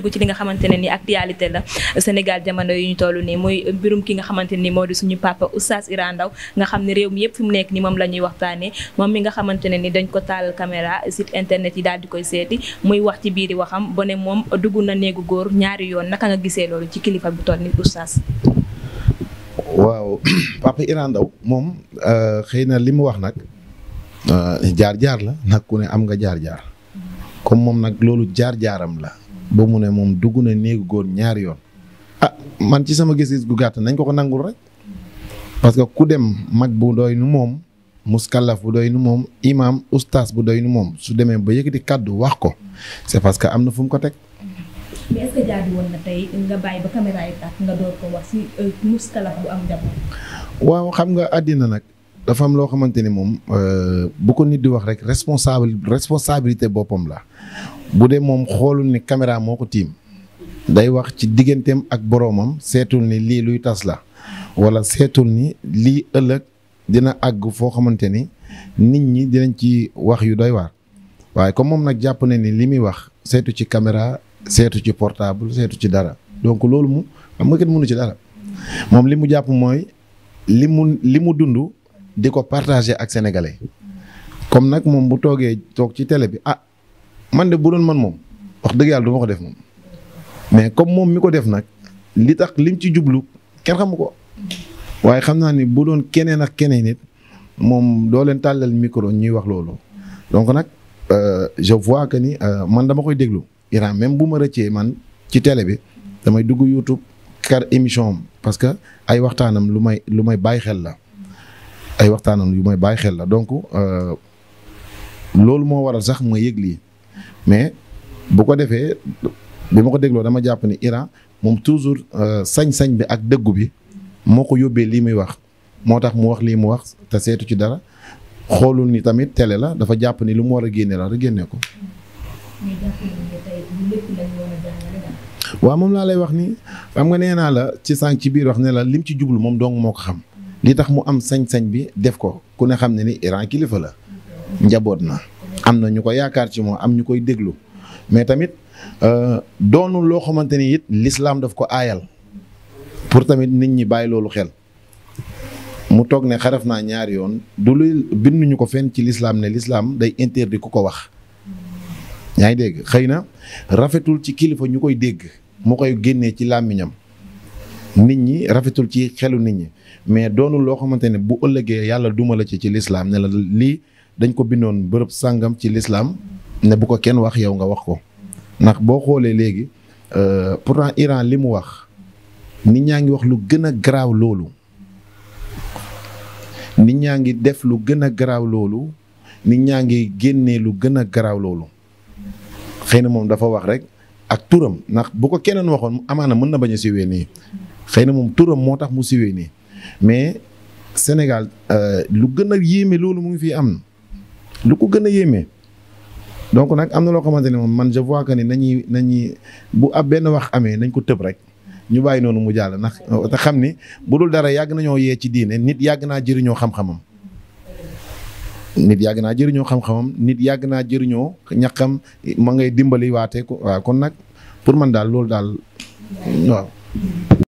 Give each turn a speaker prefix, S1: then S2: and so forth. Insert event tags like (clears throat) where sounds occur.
S1: dugg ci li nga xamante ne ni actualité la Sénégal jamono yu ñu toll nii muy mbirum ki nga xamante ne ni moo di suñu papa Oustaz Iran Ndao nga xam ne réew mi yëpp mu nekk ni moom la ñuy waxtaanee moom mi nga xamante ne ni dañ ko taal caméra site internet yi daal di koy seeti muy wax ci biir biiri waxam ba ne moom dugg na néegu góor ñaari yoon naka nga gisee loolu ci kilifa bu toll ni Oustaz waaw (clears throat) papa Iran Ndao moom euh, xëy na li mu wax nag euh, jaar-jaar la nag ku am nga jaar-jaar comme la ba mu ne moom dugg na néegu góor ñaari yoon ah man ci sama gis-gis gu gàtt nañ ko ko nangul rek parce que ku dem mag bu doy nu moom muskallaf bu doy nu moom imaam ustaas bu doy nu moom su demee ba di kàddu wax ko c'est parce que am na fu mu ko teg. Euh, waaw xam nga àddina nag. dafa am loo xamante ni moom euh, bu ko nit di wax rek responsable responsabilité boppam la bu dee moom xoolul ni caméra moo ko tiim day wax ci digganteem ak boroomam seetul ni lii luy tas la walla seetul ni lii ëllëg dina àgg foo xamante ni nit ñi dinañ ci wax yu doy waar waaye comme moom nag jàpp na ni li muy wax seetu ci caméra seetu ci portable seetu ci dara donc loolu mu xam nga kenn mënu ci dara moom li mu jàpp mooy li mu li mu dund di ko partager ak sénégalais comme nag moom bu toogee toog ci télé bi ah man de bu doon man moom wax dëgg yàlla du ko def moom mais comme moom mi ko def nag li tax lim ci jublu kenn xamu ko waaye xam naa ni bu doon keneen ak keneen nit moom doo leen tàllal micro ñuy wax loolu donc nag euh, je vois que ni euh, man dama koy déglu Iran même bu ma rëccee man ci télé bi damay dugg YouTube kar émission am parce que ay waxtaanam lu may lu may bàyyi xel la ay waxtaanam yu may bàyyi xel la donk euh, loolu moo waral sax ma yëg lii mais bu ko defee bi ma ko dégloo dama jàpp ni Iran moom toujours euh, sañ-sañ bi ak dëggu bi moo ko yóbbee lii muy wax moo tax mu wax lii mu wax te seetu ci dara xoolu ni tamit tele la dafa jàpp ni lu mu war a génne la rek génne ko. waaw moom laa lay wax ni xam nga nee naa la ci sànq ci biir wax ne la lim ci jublu moom dong moo ko xam. li tax mu am sañ-sañ bi def ko ku ne xam ne ni Iran kilifa la njaboot na am na ñu ko yaakaar ci moom am ñu koy déglu mais tamit euh, doonu loo xamante ni it lislaam daf ko aayal pour tamit nit ñi bàyyi loolu xel mu toog ne xaraf naa ñaari yoon du bind binduñu ko fenn ci l'islam ne lislaam day interdit ku ko wax yaa ngi dégg xëy na rafetul ci kilifa ñu koy dégg mu koy génnee ci làmmiñam nit ñi rafetul ci xelu nit ñi mais doonu loo xamante ne bu ëllëgee yàlla duma la ci ci lislaam ne la lii dañ ko bindoon bërëb sàngam ci lislaam ne bu ko kenn wax yow nga wax ko ndax boo xoolee léegi euh, pourtant Iran li mu wax nit ñaa ngi wax lu gën a garaaw loolu nit ñaa ngi def lu gën a garaaw loolu nit ñaa ngi génnee lu gën a garaaw loolu xëy na moom dafa wax rek ak turam ndax bu ko keneen waxoon amaana mën na bañ a siwee nii xëy na moom turam moo tax mu siwee nii mais Sénégal euh, lu gën a yéeme loolu mu fi fii am lu ko gën a yéeme donc nag am na loo xamante ne moom man je vois que ni nañuy nañuy bu ab benn wax amee nañ ko tëb rek ñu bàyyi noonu mu jàll ndax euh, te xam ni bu dul dara yàgg nañoo yee ci diine nit yàgg naa jëriñoo xam-xamam. nit yàgg naa jëriñoo xam nit yàgg naa jëriñoo ñaqam ma ngay dimbali waatee ko kon nag pour man daal loolu daal waaw.